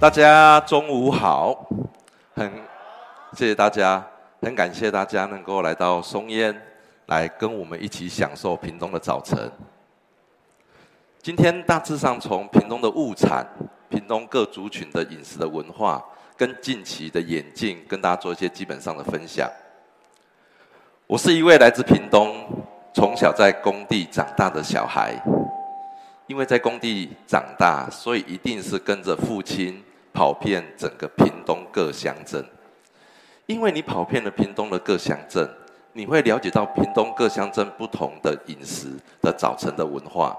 大家中午好，很謝謝大家，很感謝大家能夠來到松菸，來跟我們一起享受屏東的早晨。今天大致上從屏東的物產、屏東各族群的飲食的文化，跟近期的演進，跟大家做一些基本上的分享。我是一位來自屏東，從小在工地長大的小孩，因為在工地長大，所以一定是跟着父親。跑遍整個屏東各鄉鎮，因為你跑遍了屏東的各鄉鎮，你會了解到屏東各鄉鎮不同的飲食的早晨的文化。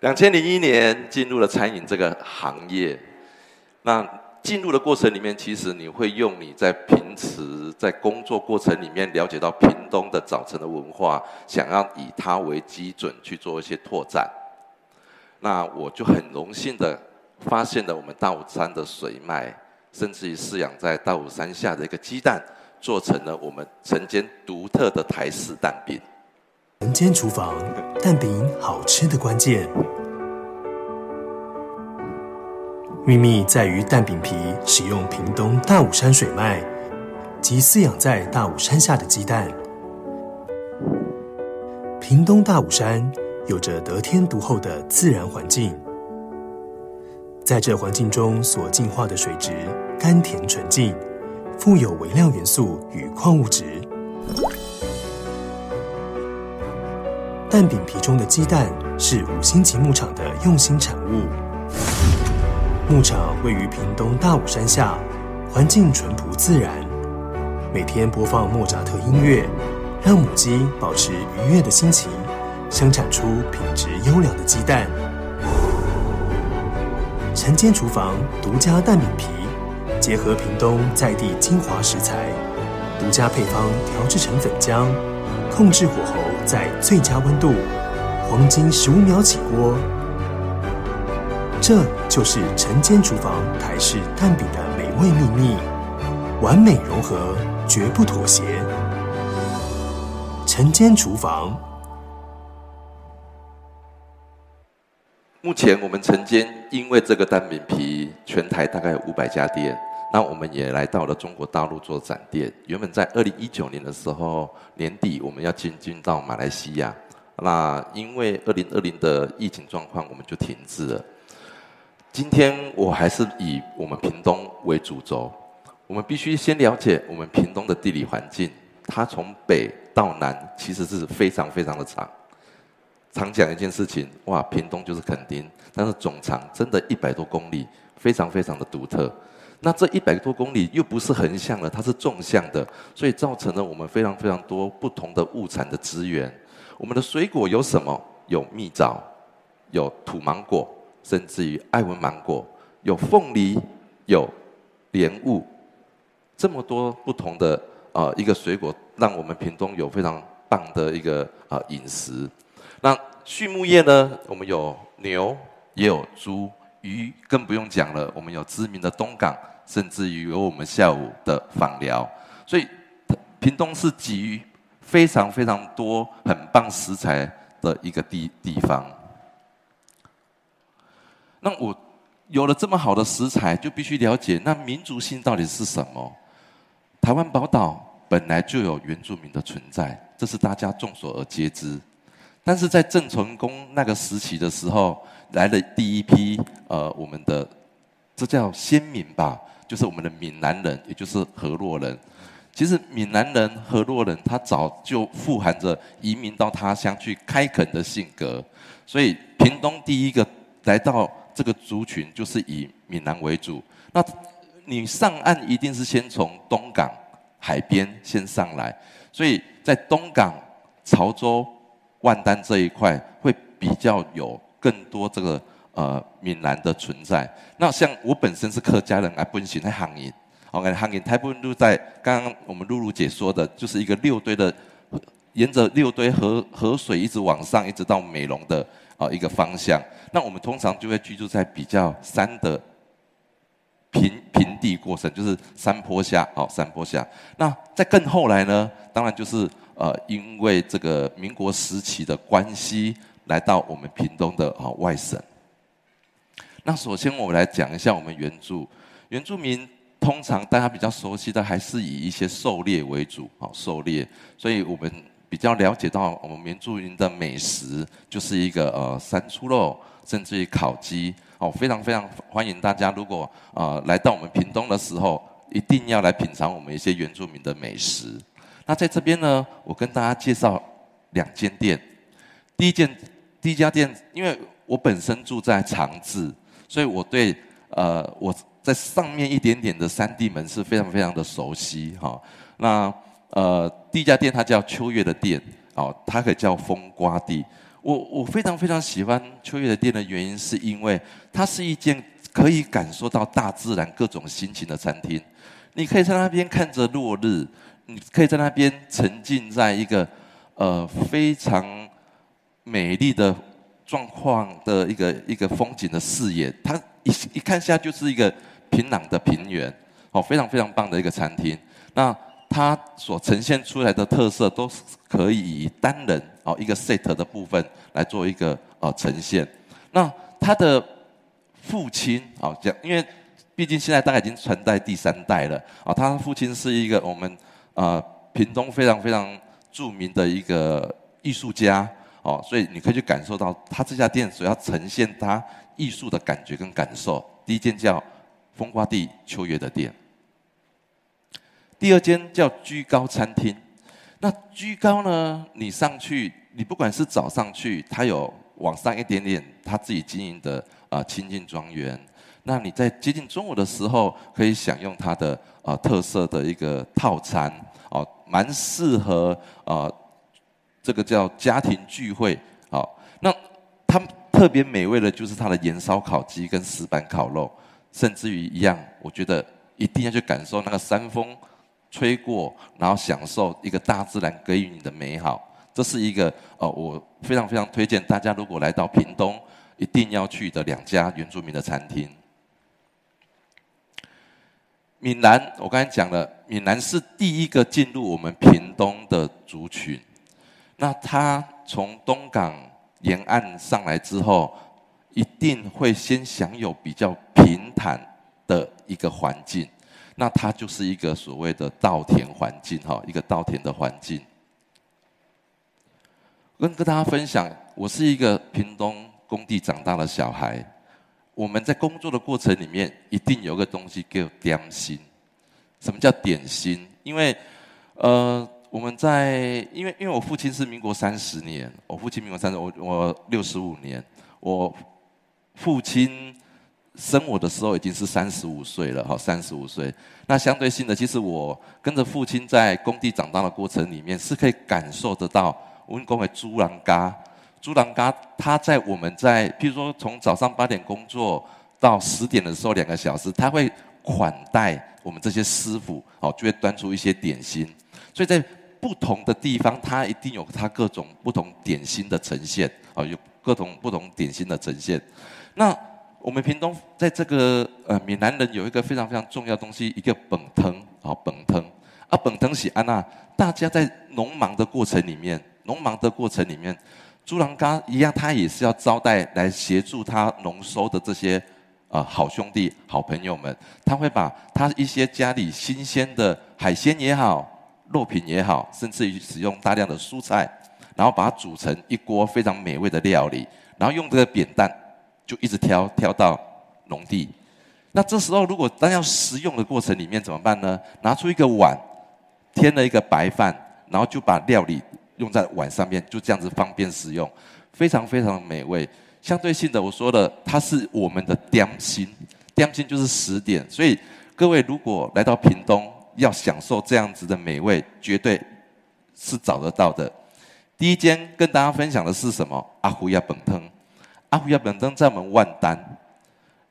兩千零一年進入了餐飲這個行業，那進入的過程裡面，其實你會用你在平時在工作過程裡面了解到屏東的早晨的文化，想要以它為基準去做一些拓展。那我就很榮幸的發現了我們大武山的水脈，甚至於飼養在大武山下的一個雞蛋，做成了我們晨間獨特的台式蛋餅。晨間廚房，蛋餅好吃的關鍵，秘密在於蛋餅皮使用屏東大武山水脈及飼養在大武山下的雞蛋。屏東大武山，有着得天獨厚的自然環境，在這環境中所淨化的水質甘甜純淨，富有微量元素與礦物質。蛋餅皮中的雞蛋是五星級牧場的用心產物。牧場位於屏東大武山下，環境淳樸自然，每天播放莫扎特音樂，讓母雞保持愉悅的心情。生產出品質優良的雞蛋。晨間廚房獨家蛋餅皮，結合屏東在地精華食材，獨家配方調製成粉漿，控制火候在最佳溫度，黃金十五秒起鍋。這就是晨間廚房台式蛋餅的美味秘密，完美融合，絕不妥協。晨間廚房。目前我們曾經因為這個蛋餅皮，全台大概有五百家店，那我們也來到了中國大陸做展店。原本在二零一九年的時候，年底我們要進軍到馬來西亞，那因為二零二零的疫情狀況，我們就停滯了。今天我還是以我們屏東為主軸，我們必須先了解我們屏東的地理環境，它從北到南其實是非常非常的長。常講一件事情，哇，屏東就是墾丁，但是總長真的一百多公里，非常非常的獨特。那這一百多公里又不是橫向的，它是縱向的，所以造成了我們非常非常多不同的物產的資源。我們的水果有什麼？有蜜棗，有土芒果，甚至於愛文芒果，有鳳梨，有蓮霧，這麼多不同的啊一個水果，讓我們屏東有非常棒的一個啊飲食。那畜牧業呢？我們有牛，也有豬、魚，更不用講了。我們有知名的東港，甚至於有我們下午的枋寮。所以，屏東是集非常非常多很棒食材的一個地地方。那我有了這麼好的食材，就必須了解那民族性到底是什麼。台灣寶島本來就有原住民的存在，這是大家眾所而皆知。但是在鄭成功那個時期的時候，來了第一批呃，我們的這叫先民吧，就是我們的閩南人，也就是河洛人。其實閩南人、河洛人，他早就富含着移民到他鄉去開墾的性格。所以，屏東第一個來到這個族群，就是以閩南為主。那你上岸一定是先從東港海邊先上來，所以在東港、潮州。萬丹這一塊會比較有更多這個呃閩南的存在。那像我本身是客家人來奔行在漢人，哦，漢人，台北都在剛剛我們露露姐說的，就是一個六堆的，沿着六堆河河水一直往上，一直到美濃的啊一個方向。那我們通常就會居住在比較山的，平平地過程就是山坡下哦，山坡下。那再更後來呢？當然就是呃，因為這個民國時期的關係，來到我們屏東的哦外省。那首先我們來講一下我們原住原住民，通常大家比較熟悉的還是以一些狩獵為主哦狩獵，所以我們比較了解到我們原住民的美食就是一個呃山豬肉，甚至於烤雞。好，非常非常歡迎大家，如果啊來到我們屏東的時候，一定要來品嘗我們一些原住民的美食。那在這邊呢，我跟大家介紹兩間店。第一間第一家店，因為我本身住在長治，所以我對呃我在上面一點點的三地門是非常非常的熟悉哈、哦。那呃第一家店它叫秋月的店，哦，它可以叫風刮地。我我非常非常喜歡秋月的店的原因，是因為它是一間可以感受到大自然各種心情的餐廳。你可以在那邊看着落日，你可以在那邊沉浸在一個呃非常美麗的狀況的一個一個風景的視野。它一一看下就是一個平朗的平原，哦，非常非常棒的一個餐廳。那。他所呈現出來的特色，都是可以以單人哦，一個 set 的部分來做一個哦、呃、呈現。那他的父親哦，講，因為畢竟現在大概已經存在第三代了啊。他父親是一個我們呃屏東非常非常著名的一個藝術家哦，所以你可以去感受到他這家店主要呈現他藝術的感覺跟感受。第一間叫《風花地秋月》的店。第二間叫居高餐廳，那居高呢？你上去，你不管是早上去，它有往上一點點，它自己經營的啊、呃、清靜莊園。那你在接近中午的時候，可以享用它的啊、呃、特色的一個套餐，啊、呃，蠻適合啊、呃、這個叫家庭聚會啊、呃。那它特別美味的就是它的鹽燒烤雞跟石板烤肉，甚至於一樣，我覺得一定要去感受那個山峰吹過，然後享受一個大自然給予你的美好，這是一個呃，我非常非常推薦大家，如果來到屏東，一定要去的兩家原住民的餐廳。閩南，我剛才講了，閩南是第一個進入我們屏東的族群，那他從東港沿岸上來之後，一定會先享有比較平坦的一個環境。那它就是一個所謂的稻田環境，哈，一個稻田的環境。跟跟大家分享，我是一個屏東工地長大的小孩。我們在工作的過程裡面，一定有一個東西叫點心。什麼叫點心？因為，呃，我們在，因為，因為我父親是民國三十年，我父親民國三十，我我六十五年，我父親。生我的時候已經是三十五歲了，好，三十五歲。那相對性的，其實我跟着父親在工地長大的過程裡面，是可以感受得到。我們工會豬欄嘎，豬欄嘎，他在我們在，譬如說從早上八點工作到十點的時候，兩個小時，他會款待我們這些師傅，哦，就會端出一些點心。所以在不同的地方，他一定有他各種不同點心的呈現，啊，有各種不同點心的呈現。那我們屏東在這個呃閩南人有一個非常非常重要東西，一個飯湯啊飯湯啊飯湯是安怎。大家在農忙的過程裡面，農忙的過程裡面，主人家一樣，他也是要招待來協助他農收的這些啊、呃、好兄弟好朋友們。他會把他一些家裡新鮮的海鮮也好、肉品也好，甚至於使用大量的蔬菜，然後把它煮成一鍋非常美味的料理，然後用這個扁擔。就一直挑，挑到農地，那這時候如果要食用的過程裡面怎麼辦呢？拿出一個碗，添了一個白飯，然後就把料理用在碗上面，就這樣子方便食用，非常非常的美味。相對性的，我說了，它是我們的點心，點心就是食點。所以各位如果來到屏東，要享受這樣子的美味，絕對是找得到的。第一間跟大家分享的是什麼？阿猴飯湯。阿虎亞本登在我們萬丹，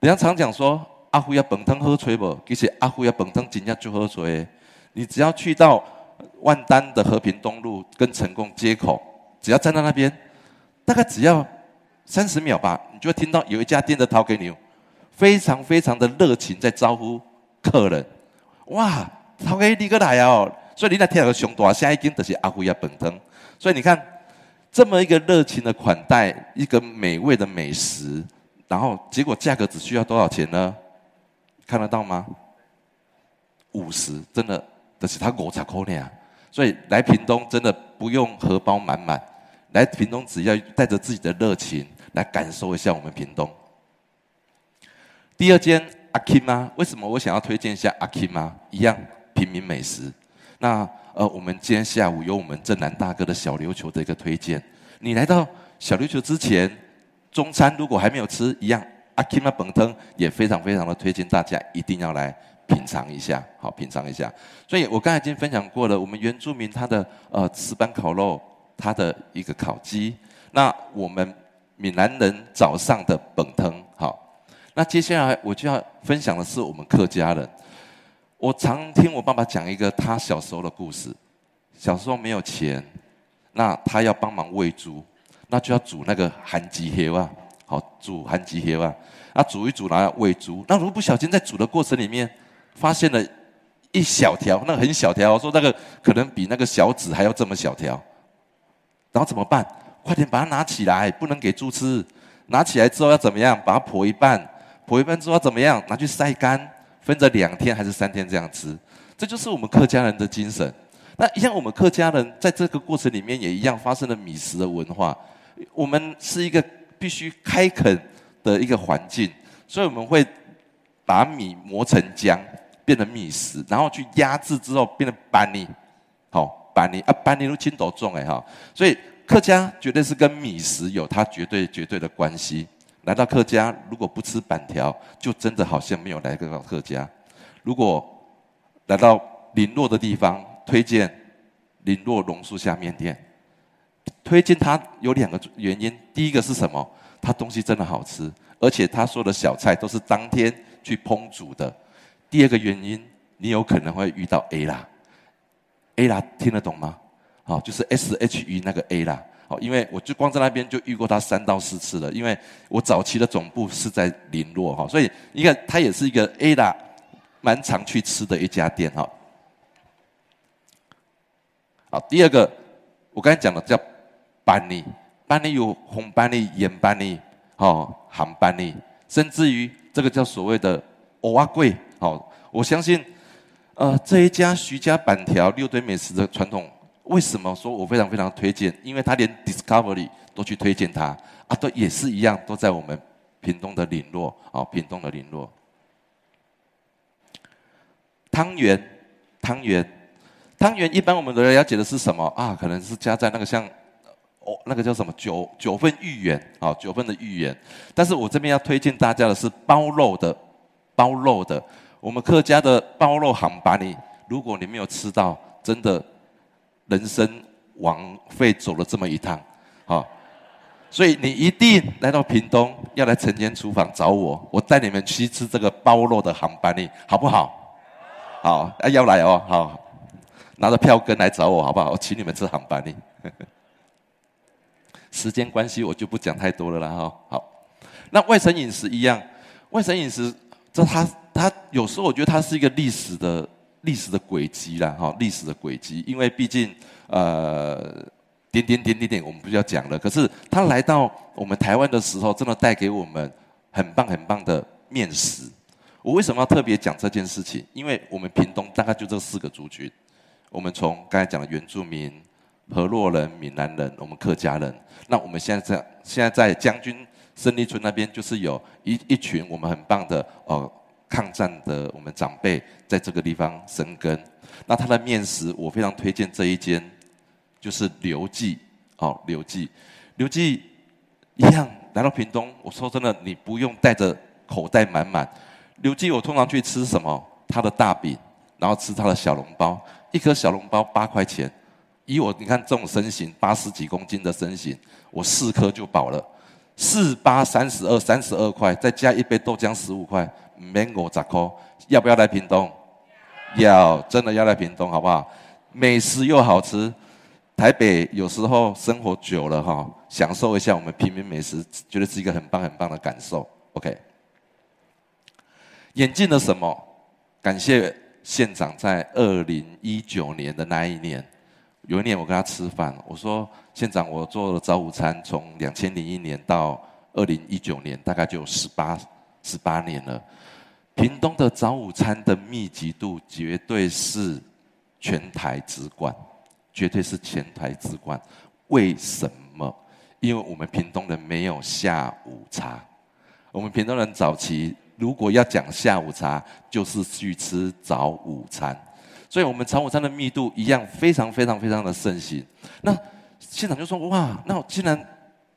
人家常講說阿虎亞本登好吹不？其實阿虎亞本登真正就好吹。你只要去到萬丹的和平東路跟成功街口，只要站在那邊，大概只要三十秒吧，你就會聽到有一家店的頭家娘非常非常的熱情在招呼客人。哇，頭家你閣來喔！所以你那天有個熊大，下一間就是阿虎亞本登。所以你看。這麼一個熱情的款待，一個美味的美食，然後結果價格只需要多少錢呢？看得到嗎？五十，真的，但、就是給我產口內啊，所以來屏東真的不用荷包滿滿，來屏東只要帶着自己的熱情來感受一下我們屏東。第二間阿金媽。為什麼我想要推薦一下阿金媽？一樣平民美食。那呃，我們今天下午有我們鎮南大哥的小琉球的一個推薦，你來到小琉球之前，中餐如果還沒有吃一樣，阿基瑪本藤也非常非常的推薦大家一定要來品嘗一下，好，品嘗一下。所以我剛才已經分享過了，我們原住民他的呃石板烤肉，他的一個烤雞。那我們閩南人早上的本藤，好。那接下來我就要分享的是我們客家人。我常聽我爸爸講一個他小時候的故事。小時候沒有錢，那他要幫忙餵豬，那就要煮那個鹹雞血旺，好煮鹹雞血旺。那、啊、煮一煮拿來餵豬，那如果不小心在煮的過程裡面，發現了一小條，那很小條，我說那個可能比那個小籽還要這麼小條。然後怎麼辦？快點把它拿起來，不能給豬吃。拿起來之後要怎麼樣？把它剖一半，剖一半之後要怎麼樣？拿去曬乾。分着兩天還是三天這樣吃，這就是我們客家人的精神。那像我們客家人在這個過程裡面也一樣發生了米食的文化。我們是一個必須開墾的一個環境，所以我們會把米磨成漿，變成米食，然後去壓制之後變成粄條，好粄條啊，粄條都千多種哎哈。所以客家絕對是跟米食有它絕對絕對的關係。來到客家，如果不吃板條，就真的好像沒有來過客家。如果來到林落的地方，推薦林落榕樹下面店。推薦它有兩個原因，第一個是什麼？它東西真的好吃，而且它所有的小菜都是當天去烹煮的。第二個原因，你有可能會遇到 A 啦，A 啦聽得懂嗎？好，就是 S H E 那個 A 啦。哦，因為我就光在那邊就遇過他三到四次了，因為我早期的總部是在麟洛哈，所以你看他也是一個 A 大，蠻常去吃的一家店哈。好，好，第二個我剛才講的叫板栗，班裡有紅班栗、鹽班栗、哦，鹹板栗，甚至於這個叫所謂的歐啊貴哦，我相信，呃，這一家徐家板條六堆美食的傳統。為什麼說我非常非常推薦？因為他連 Discovery 都去推薦他啊，都也是一樣，都在我們屏東的麟洛，啊、哦，屏東的麟洛。湯圓，湯圓，湯圓，一般我們了解的是什麼啊？可能是加在那個像哦，那個叫什麼九九份芋圓啊，九份、哦、的芋圓。但是我這邊要推薦大家的是包肉的包肉的，我們客家的包肉行板你，如果你沒有吃到，真的。人生枉費走了這麼一趟，好，所以你一定來到屏東，要來晨間廚房找我，我帶你們去吃這個包肉的航班呢，好不好？好、啊，要來哦，好，拿着票根來找我，好不好？我請你們吃航班呢。時間關係，我就不講太多了啦，哈。好，那外省飲食一樣，外省飲食，這它它有時候我覺得它是一個歷史的。歷史的軌跡啦，哈，歷史的軌跡，因為畢竟，呃，點點點點點，我們不需要講了。可是他來到我們台灣的時候，真的帶給我們很棒很棒的麵食。我為什麼要特別講這件事情？因為我們屏東大概就這四個族群，我們從剛才講的原住民、河洛人、閩南人，我們客家人。那我們現在在現在在將軍勝利村那邊，就是有一一群我們很棒的哦。抗戰的我們長輩在這個地方生根，那他的麵食我非常推薦這一間，就是劉記哦，劉記，劉記一樣來到屏東。我說真的，你不用帶着口袋滿滿。劉記我通常去吃什麼？他的大餅，然後吃他的小籠包，一顆小籠包八塊錢。以我你看這種身形八十幾公斤的身形，我四顆就飽了，四八三十二，三十二塊，再加一杯豆漿十五塊。沒我雜課，要不要來屏東？要，真的要來屏東，好不好？美食又好吃，台北有時候生活久了哈，享受一下我們平民美食，覺得是一個很棒很棒的感受。OK。演進了什麼？感謝縣長在二零一九年的那一年，有一年我跟他吃飯，我說縣長，我做了早午餐，從兩千零一年到二零一九年，大概就十八。十八年了，屏東的早午餐的密集度絕對是全台之冠，絕對是全台之冠。為什麼？因為我們屏東人沒有下午茶，我們屏東人早期如果要講下午茶，就是去吃早午餐，所以我們早午餐的密度一樣非常非常非常的盛行。那現場就說：哇，那既然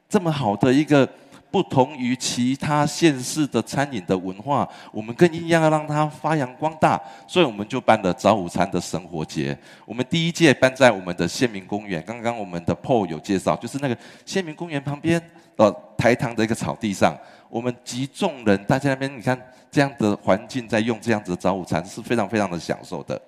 這麼好的一個。不同於其他縣市的餐飲的文化，我們更應該要讓它發揚光大，所以我們就辦了早午餐的生活節。我們第一屆辦在我們的縣民公園，剛剛我們的 Paul 有介紹，就是那個縣民公園旁邊，到台糖的一個草地上，我們集眾人大家那邊，你看這樣的環境，在用這樣子的早午餐，是非常非常的享受的。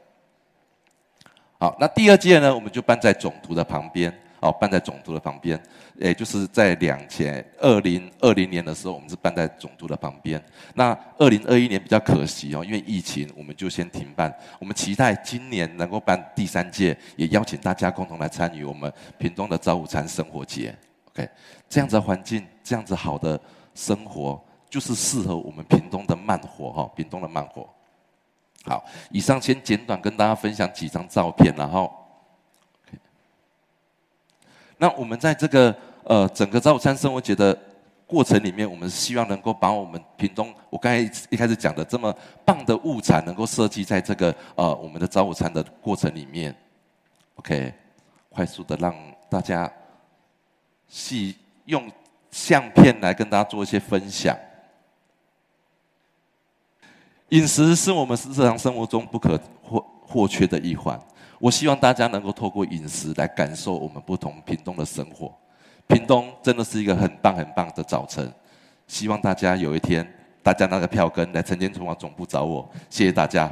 好，那第二屆呢，我們就辦在總圖的旁邊。哦，辦在總督的旁邊，誒，就是在兩千二零二零年的時候，我們是辦在總督的旁邊。那二零二一年比較可惜哦、喔，因為疫情，我們就先停辦。我們期待今年能夠辦第三屆，也邀請大家共同來參與我們屏東的早午餐生活節。OK，這樣子的環境，這樣子好的生活，就是適合我們屏東的慢活哈、喔，屏東的慢活。好，以上先簡短跟大家分享幾張照片，然後。那我們在這個呃整個早午餐生活節的過程裡面，我們希望能夠把我們屏東，我剛才一開始講的這麼棒的物產，能夠設計在這個呃我們的早午餐的過程裡面，OK，快速的讓大家，係用相片來跟大家做一些分享。飲食是我們日常生活中不可或缺的一環。我希望大家能夠透過飲食來感受我們不同屏東的生活。屏東真的是一個很棒很棒的早晨。希望大家有一天，大家拿著票根來晨間廚房總部找我。謝謝大家。